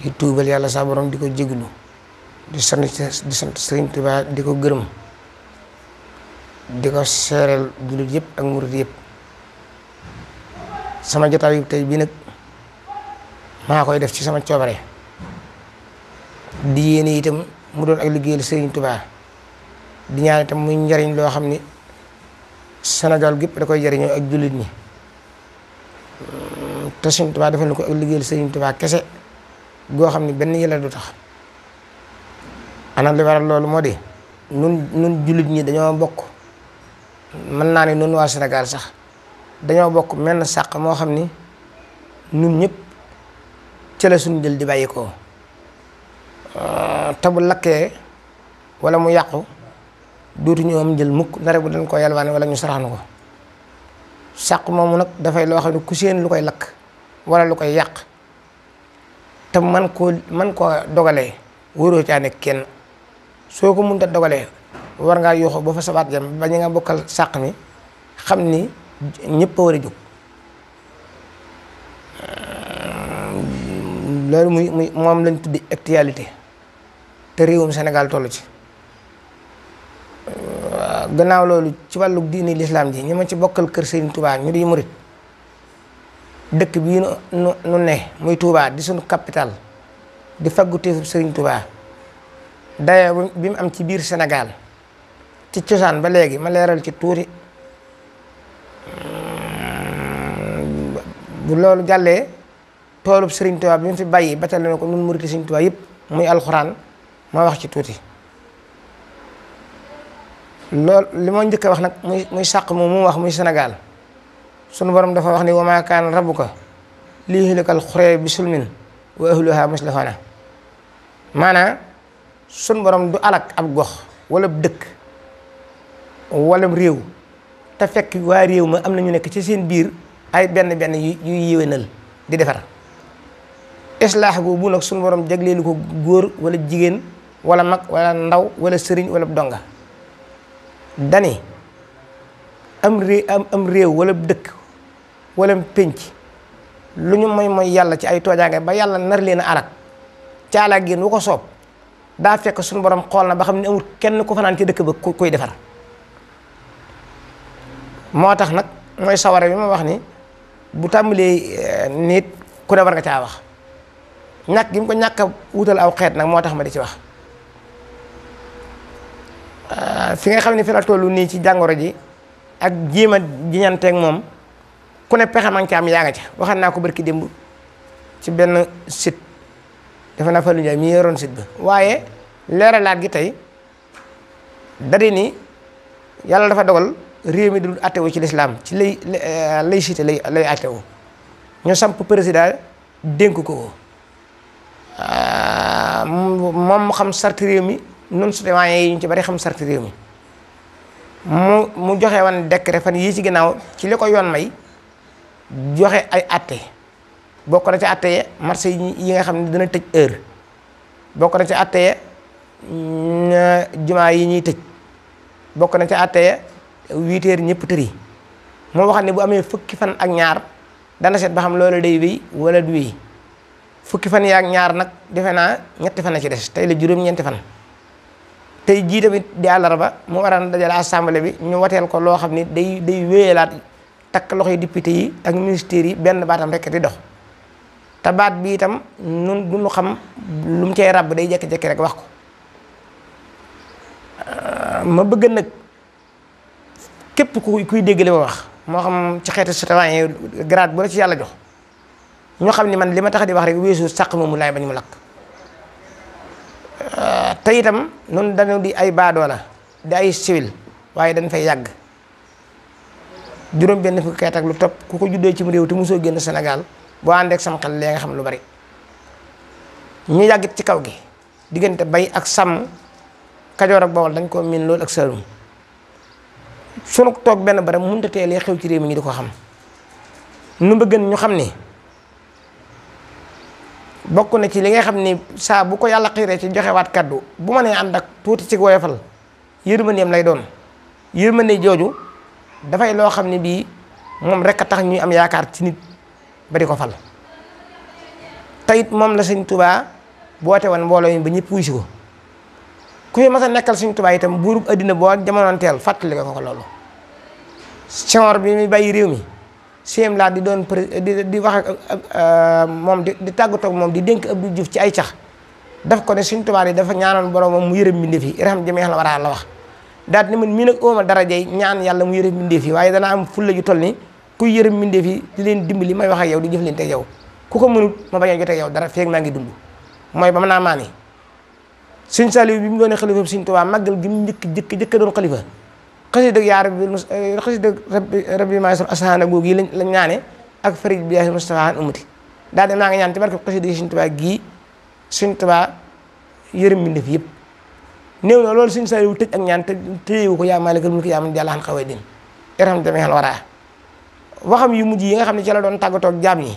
di tuubal yàlla saa borom di ko jéglu di sant di sant Sëriñ Tuubaa di ko gërëm di ko seereel jullit yëpp ak murit yëpp sama jotaay bi tey bii nag maa koy def ci sama coobare di yéene itam mu doon ak liggéeyal Sëriñ Tuubaa di ñaan itam muy njariñ loo xam ni Sénégal gépp da koy jariñoo ak jullit ñi mm, te Sëriñ Tuubaa defal na ko ak liggéeyal Sëriñ Tuubaa kese goo xam ne benn yàlla du tax ana li waral loolu moo di nun nun jullit ñi dañoo bokk mën naa ne nun waa senegal sax dañoo bokk menn sàq moo xam ni nun ñëpp ca suñ jël di bàyyi ko te bu lakkee wala mu yàqu dootuñu am jël mukk ndare bu dañ ko yalwaane wala ñu saraxnu ko sàq moomu nag dafay loo xam ne ku seen lu koy lakk wala lu koy yàq te man koo man koo dogalee wóoroo caa nekk kenn soo ko mënta dogalee war ngaa yoxoo ba fa sabaat jam ba ñu nga bokkal sàq mi xam ni ñépp a war a jóg loolu muy muy moom lañ tuddi actualité te réewum senegal toll ci gannaaw loolu ci wàllu diini lislaam ji ñi ma ci bokkal kër Serigne Touba ñu di murit dëkk bii nu nu ne muy tuubaa di suñu capital di faggu téefub Serigne Touba dayoo bi mu am ci biir Sénégal ci cosaan ba léegi ma leeral ci tuuti mm, loolu jàllee toolub Serigne Touba bi mu fi bàyyi batal na ko nun muriti Serigne Touba yëpp muy alxuraan moo wax ci tuuti loolu li ma njëkk wax nag muy muy sàq moom mu wax muy Sénégal sunu borom dafa wax ni wa maa kaana rabbuka liyahlika al-qura bi zulmin wa ahluha muslihuuna maanaam sunu borom du alak ab gox wala dëkk wala réew te fekk waa réew ma am na ñu nekk ci seen biir ay benn benn yu yu di defar islaax boobu nag sunu borom jagleelu ko góor walla jigéen wala mag wala ndaw wala sëriñ wala donga dani am ré am am réew wala dëkk wala pénc lu ñu moy mooy yàlla ci ay toojaange ba yàlla nar leen a alag caalaa génn wu ko soob daa fekk suñu borom xool na ba xam ne amul kenn ku fanaan ci dëkk ba ku koy defar moo tax nag mooy sawara bi ma wax ni bu tàmbalee eh, nit ku ne war nga caa wax ñàkk gi mu ko ñàkk a wutal aw xeet nag moo tax ma di ci wax ah, fi nga xam ne fi la tollu nii ci jàngoro ji ak jéem a jiñanteeg moom ku ne pexe man ca am yaa nga ca waxaan naa ko barki démb ci benn site dafa naa Fallou Ndiaye mi yoroon site ba waaye leeralaat gi tey dadi ni yàlla dafa dogal réew mi dul attewu ci lislaam ci lay euh, laïcité lay lay attewu ñu samp président dénk ko ko euh, moom mu xam sart réew mi nun citoyen yi ñu ci bari xam sart réew mi mu mu joxe woon décret fan yii ci ginnaaw ci li ko yoon may joxe ay atte bokk na ci atte ye marché yi nga xam ne dana tëj heure bokk na ci atte ye jumaa yi ñuy tëj bokk na ca atte ye huit heures ñëpp tëri moo waxam ne bu amee fukki fan ak ñaar dana seet ba xam loola day wéy wala du wéy fukki fan ak ñaar nag defe naa ñetti fan a ci des tey la juróom-ñeenti fan tey jii tamit di àllarba mu waral dajale assemblée bi ñu wateel ko loo xam ni day day laat takk loxo yi député yi ak ministère yi benn baatam rek di dox te baat bi itam nun du xam lu mu cay ràbb day jékki-jékki rek wax ko euh, ma bëgg nag képp ku kuy dégg li wax moo xam ci xeetu citoyen grade bu la ci yàlla jox ñoo xam ni man li ma tax di wax rek weesu sàq moomu laay ba ñu mu lakk euh, te itam noonu dañu di ay baadoola di ay civil waaye dañ fay yàgg juróom benn fukki at ak lu topp ku ko juddee ci réew te mosoo génn Sénégal boo ànd ak sam xel lee nga xam lu bari ñu yàggit ci kaw gi diggante bay ak sàmm kajoor ak bawol dañ ko miin loolu ak saalum sunu toog benn barab mënut a teelee xew ci réew mi ñu di ko xam nu mu gën ñu xam ni bokk na ci li ngay xam ni saa bu ko yàlla xiiree ci joxewaat kàddu bu ma nee ànd ak tuuti ci woyofal yërmandeem lay doon yërmande jooju. dafay loo xam ne bii moom rek a tax ñuy am yaakaar ci nit ba di ko fal tayit moom la sëñ tubaa boote woon mbooloo yi ba ñëpp wuy si ko ku fi mas a nekkal sëñ tubaa itam buurub àddina boo jamonoon teel fàttali ko ko loolu Senghor bi muy bàyyi réew mi siem laa di doon di di wax ak euh, moom di tàggatoo moom di dénk Abdou Diouf ci ay cax daf ko ne sëñ tubaa yi dafa ñaanoon boromam mu yërëm mbindéef yi irham jamii'al waraa la wax daal ni man mii nag dara darajey ñaan yàlla mu yërëm mbindeef yi waaye dana am fulla ju toll ni ku yërëm mbindeef yi di leen dimbali may wax ak yow di jëflante ak yow ku ko mënut ma bañ a jotee yow dara feeg maa ngi dund mooy ba mën naa maani sëñ Saliou bi mu doonee xalifa sëñ Tuubaa màggal gi mu njëkk jëkk jëkk doon xalifa xasi dëgg yaa rabbi eh, xasi dëgg rabbi maasur ashaana googu yi la ñaane ak farij bi yaa Mustafa an ummati daal di maa ngi ñaan ci barke xasi dëgg sëñ Tuubaa gii sëñ Tuubaa yëpp néew na loolu suñu saaliwu tëj ak ñaan te téyewu ko yaa maalikal mulki yaa man di waxam yu mujj yi nga xam ne ci la doon tàggatoo ak jaam yi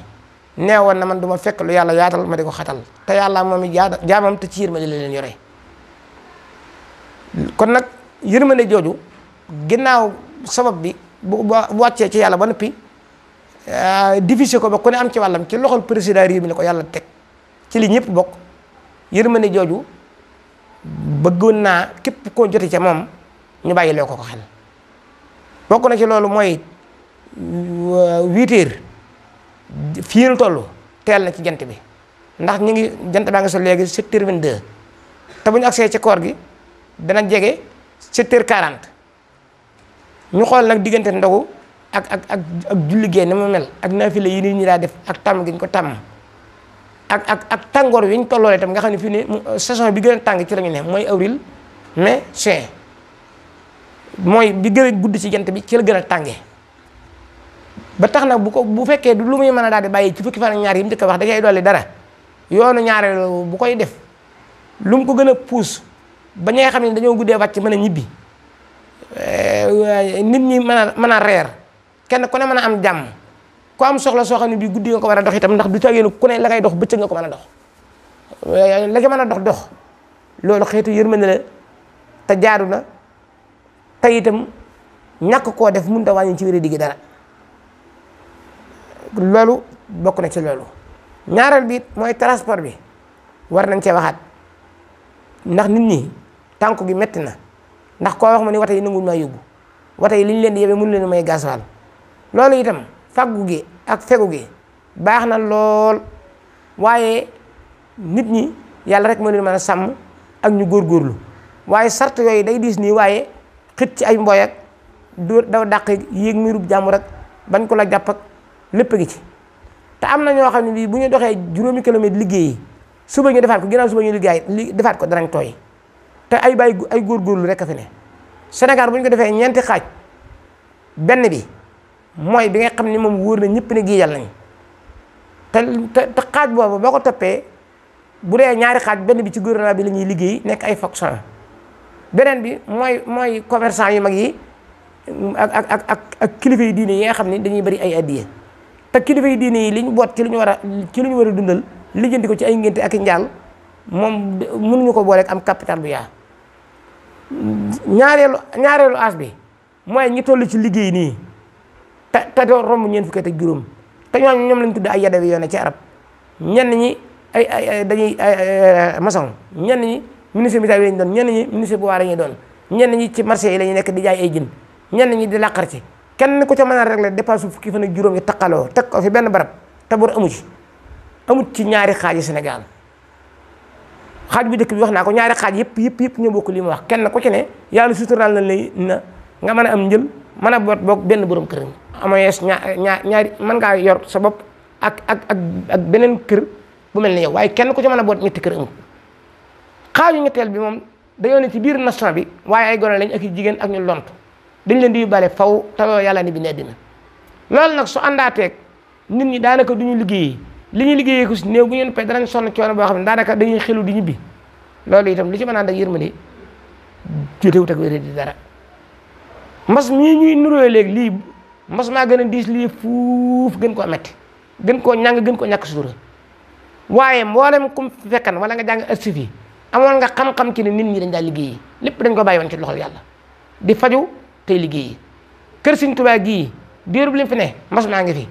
neewoon na man du fekk lu yàlla yaatal ma di ko xatal te yàlla moom i jaada jaamam te ci yërmande la leen yore kon nag yërmande jooju ginnaaw sabab bi bu wàccee ci yàlla ba noppi euh, diffusé ko ba ku ne am ci wàllam ci loxol président réew mi ne ko yàlla teg ci lii ñëpp bokk yërmande jooju bëggoon naa képp koo joti ca moom ñu bàyyi loo ko ko xel bokk na ci loolu mooy euh, huit heures fii nu toll teel na ci jant bi ndax ñu ngi jant baa ngi sol léegi sept heures vingt deux te bu ñu agsee ci koor gi dana jege sept heures quarante ñu xool nag diggante ndogu ak ak ak ak julli gee ni mu mel ak naafile yi nit ñi daa def ak tàmm gi ñu ko tàmm ak ak ak tàngoor wi ñu tolloolee itam nga xam ne fii nii ne euh, saison bi gën a tàng ci la ñu ne mooy avril mai juin mooy bi gën a gudd ci jant bi ci la gën a tànge ba tax nag bu ko bu fekkee du lu muy mën a daal di bàyyi ci fukki fan ak ñaar yi mu njëkk a wax da ngay dolli dara yoonu ñaareelu bu koy def lu mu ko gën a puus ba ñi nga xam ne dañoo guddee wàcc mën a ñibbi euh, nit ñi mën a mën a reer kenn ku ne mën a am jàmm. ku am soxla soo xam ne bii guddi nga ko war a dox itam ndax du ca yéen ku ne la ngay dox bëccëg nga ko mën a dox mën a dox dox loolu xeetu yërmande la te jaadu na te itam koo def mënut a wàññi ci wér-digg dara loolu bokk na ci loolu. ñaareel bi mooy transport bi war nañ cee waxaat ndax nit ñi tànk gi metti na ndax koo wax ma ni wata yi nanguñ maa yóbbu wata yi li ñu leen di yóbbee mënu leen may gasoil loolu itam. faggu gi ak fegu gi baax na lool waaye nit ñi yàlla rek moo leen mën a sàmm ak ñu góor góorlu waaye sart yooyu day diis nii waaye xit ci ay mboy ak dóor daw dàq yéeg miirub jàmbur rek bañ ko la jàpp ak lépp gi ci te am na ñoo xam ne bii bu ñu doxee juróomi kilomètre liggéeyi suba ñu defaat ko ginnaaw suba ñu liggéey li defaat ko danañ tooy te ay bàyyi ay góor góorgóorlu rek a fi ne Sénégal bu ñu ko defee ñeenti xaaj benn bi. mooy bi nga xam ne moom wóor na ñëpp ne géejal nañ te te xaaj boobu boo ko toppee bu dee ñaari xaaj benn bi ci naa bi lañuy liggéey nekk ay fonctionnaires beneen bi mooy mooy commerçant yu mag yi ak ak ak ak kilifa yu diine yi nga xam ne dañuy bari ay addiya te kilifa diine yi liñ boot ci lu ñu war a ci lu ñu war a dundal lijjanti ko ci ay ngénte ak i njaal moom mënuñu ko booleeg am capital bu yaa ñaareelu ñaareelu as bi mooy ñi toll ci liggéey nii. te te doo romb ñeent fukki at juróom te ñoom lañ tudd ay yadawi yoone ci arab ñenn ñi ay ay dañuy maçon ñenn ñi ministre militaire yi lañ doon ñenn ñi ministre bu waar lañuy doon ñenn ñi ci marché yi lañuy nekk di jaay ay jën ñenn ñi di làqar ci kenn ku ca mën a régler dépense fukki fan ak juróom yi taqaloo teg fi benn barab te bor amu ci amut ci ñaari xaaji senegal xaaj bu njëkk bi wax naa ko ñaari xaaj yëpp yëpp yëpp ñoo bokk li mu wax kenn ku ci ne yàlla suturaal na lay na nga mën a am njël mën a boot boog benn borom kër amoyees ñaar ñaari mën ngaa yor sa bopp ak ak ak ak beneen kër bu mel ni yow waaye kenn ku ci man a boot ñetti kër amul xaaju ñetteel bi moom dañoo ne ci biir nation bi waaye ay gone lañ ak i jigéen ak ñu lont dañ leen di yóbbaale faw tawoo yàlla ni bi ne dina loolu nag su àndaateeg nit ñi daanaka duñu liggéeyee li ñuy liggéeyee ko si néew bu ñu noppee danañ sonn coono boo xam ne daanaka dañuy xelu di ñibbi loolu itam li ci mën a ànd ak yërmande jotewut ak wéré di dara mbas mii ñuy nuróo léegi lii mos maa gën a diis lii fuuf gën koo metti gën koo ñàng gën koo ñàkk sutura waaye mboolem kum fekkan wala nga jàng arsif yi amoon nga xam-xam ci ne nit ñi dañ daa liggéeyi lépp dañ ko bàyyi woon loxol yàlla di faju tey liggéeyi kër Sëñ Tuubaa gii diirub ne mas naa ngi fi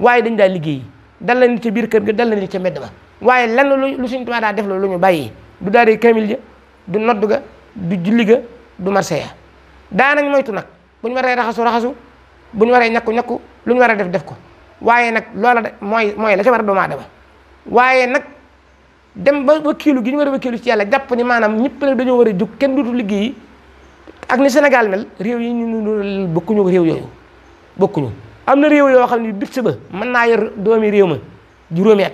waaye dañ daa liggéeyi dal la nit biir kër gi dal la nit ca mbedd ba waaye lenn lu lu Sëñ Tuubaa daa def la ñu bàyyi du daaree kamil ja du nodd ga du julli ga du marseya daanañ moytu nag bu ñu waree raxasu raxasu bu ñu waree ñakku ñakku lu ñu war a def def ko waaye nag loola mooy mooy la ca war a doomu waaye nag dem ba wakkiilu gi ñu war a ci yàlla jàpp ni maanaam ñëpp nag dañoo war a jug kenn duutu ak ni Sénégal mel réew yi ñu ñu bokkuñu réew yooyu bokkuñu am na réew yoo xam ne bit mën naa yor doomi réew ma juróomi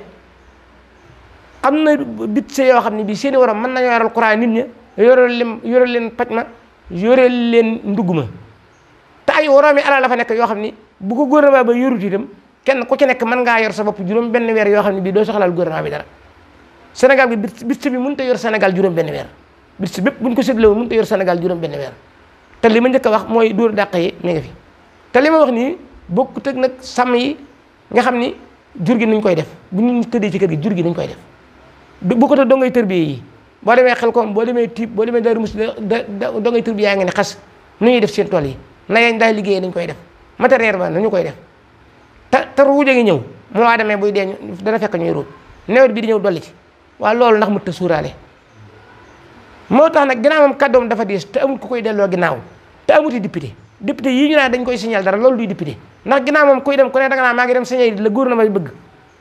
am na bit yoo xam ne bii seeni waroom mën na yoral courant nit ña yoral leen yoral leen paj ma yoral leen ndugg ma ay woroomi alal dafa nekk yoo xam ni bu ko gouvernement ba yorut itam kenn ku ci nekk mën ngaa yor sa bopp juróom benn weer yoo xam ne bii doo soxlaal gouvernement bi dara Sénégal bi bist bi mënut a yor Sénégal juróom benn weer bist bépp ko séddalewul mënut a yor Sénégal juróom benn weer te li ma njëkk a wax mooy dóor dàq yi mi ngi fi te li ma wax nii ko teg nag sàmm yi nga xam ni jur gi nuñ koy def bu ñu tëddee ci kër gi jur gi nuñ koy def bu ko te dongay tërbiye yi boo demee xel koom boo demee tiib boo demee Daaru Musti dongay tërbiye yaa ngi ne xas nu ñuy def seen tool yi na yañ daay liggéeyee dañ koy def matériel ba nañu koy def te te ruuj a ngi ñëw moo aadamee buy dee dana fekk ñuy ruuj nawet bi di ñëw dolli ci waaw loolu ndax mënut a suuraale moo tax nag ginnaaw moom kàddoom dafa diis te amul ku delloo ginnaaw te amuti député député yii ñu naan dañ koy signal dara loolu duy député ndax ginnaaw moom kuy dem ku ne danga naa maa ngi dem signal la gouvernement bi bëgg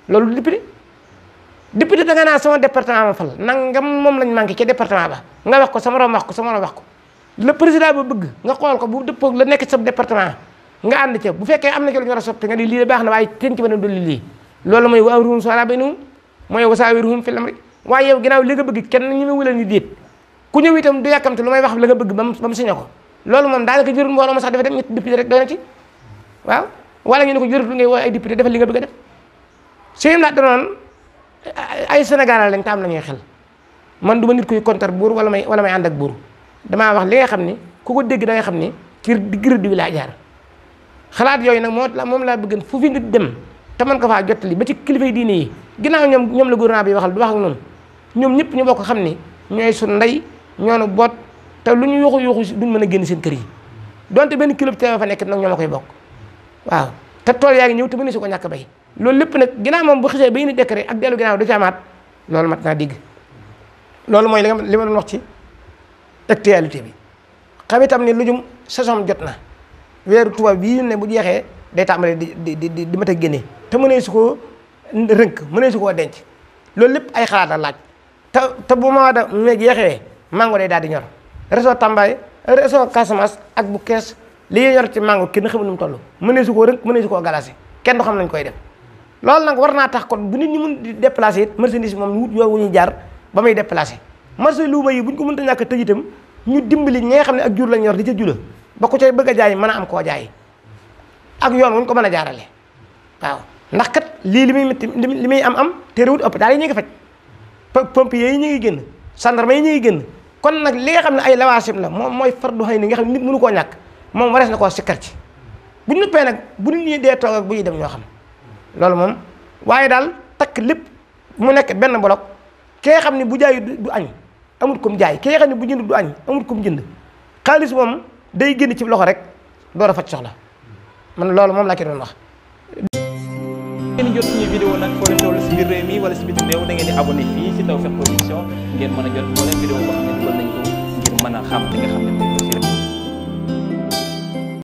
loolu du député député danga naa sama département ma fal nangam moom lañ manqué ca département ba nga wax ko sama morom wax ko sama morom wax ko le président bëgg nga xool ko bu nekk sa nga ànd ca bu fekkee am na ci lu ñu war a na waaye ten ci mën a dolli lii loolu mooy waawruhum sola li nga bëgg kenn ñu ma wula ni déet ku ñëw itam du wax la nga bëgg ba mu ba mu signé ko loolu moom daanaka jërul mbooloo ma sax dafa na wala ñu ne ko jërul ngay woo ay député defal li nga bëgg a def seen laaj danoon ay Sénégalais lañ taam la ñuy xel man du ma nit kuy kontar buur wala may wala may ànd ak buur damaa wax li nga xam ni ku ko dégg da xam ni ci digg bi laa jaar xalaat yooyu nag moo la moom laa bëgg fu fi nit dem te man ko faa jottali ba ci kilifa yi diine yi ginnaaw ñoom ñoom la gouvernement bi waxal du wax ak noonu ñoom ñëpp ñu bokk xam ni ñooy su ndey ñoonu boot te lu ñu yuuxu yuuxu duñ mën a génn seen kër yi donte benn kilo teew fa nekk nag ñoo ma koy bokk waaw te tool yaa ngi ñëw te mënu si ko ñàkk bay loolu lépp nag moom bu xisee ba indi décret ak dellu ginnaaw amaat loolu mat naa digg loolu mooy li ma doon ci actualité bi xam itam ne lujum saison jot na weeru tubaab bii ne bu jeexee day tàmbale di di di di mat a génne te mënee su koo rënk mënee su koo denc loolu lépp ay xalaat la laaj te te bu mois de mai jeexee mango day daal di ñor réseau Tambaye réseau Casamance ak bu kees li ñuy ñor ci mango kenn xamul nu mu toll mënee su ko rënk mënee su koo galasé kenn du xam nañ koy def loolu nag war naa tax kon bu nit ñi mun di déplacé it marchandise moom wut yow wu jaar ba muy déplacé marché luuba yi bu ñu ko mënta ñàkk tëj itam ñu dimbali ñi nga xam ne ak jur lañ yor di ca jula ba ku cay bëgg a jaay mën a am koo jaay ak yoon wuñ ko mën a jaarale waaw ndax kat lii li muy li muy am am terewut ëpp daal yi ñu ngi faj pompier yi ñu ngi génn gendarme yi ñu ngi génn kon nag li xam ne ay lawaasim la moom mooy far fardu xëy ni nga xam ne nit mënu koo ñàkk moom warees na koo sikkar ci bu ñu nuppee nag bu nit ñi dee toog ak bu ñuy dem ñoo xam loolu moom waaye daal takk lépp mu nekk benn bolok kee xam ne bu jaay du añ amul kum jaay ki nga xam ne bu jënd du añ amul kum jënd xaalis moom day génn ci loxo rek door a faj soxla man loolu moom laa ci doon wax. ngeen jot suñu vidéo nag foo leen toll si biir réew mi wala si bitim réew da ngeen di abonné fii si Tawfekh Production ngeen mën a jot moo leen vidéo boo xam ne dugal nañ ko ngir mën a xam li nga xam ne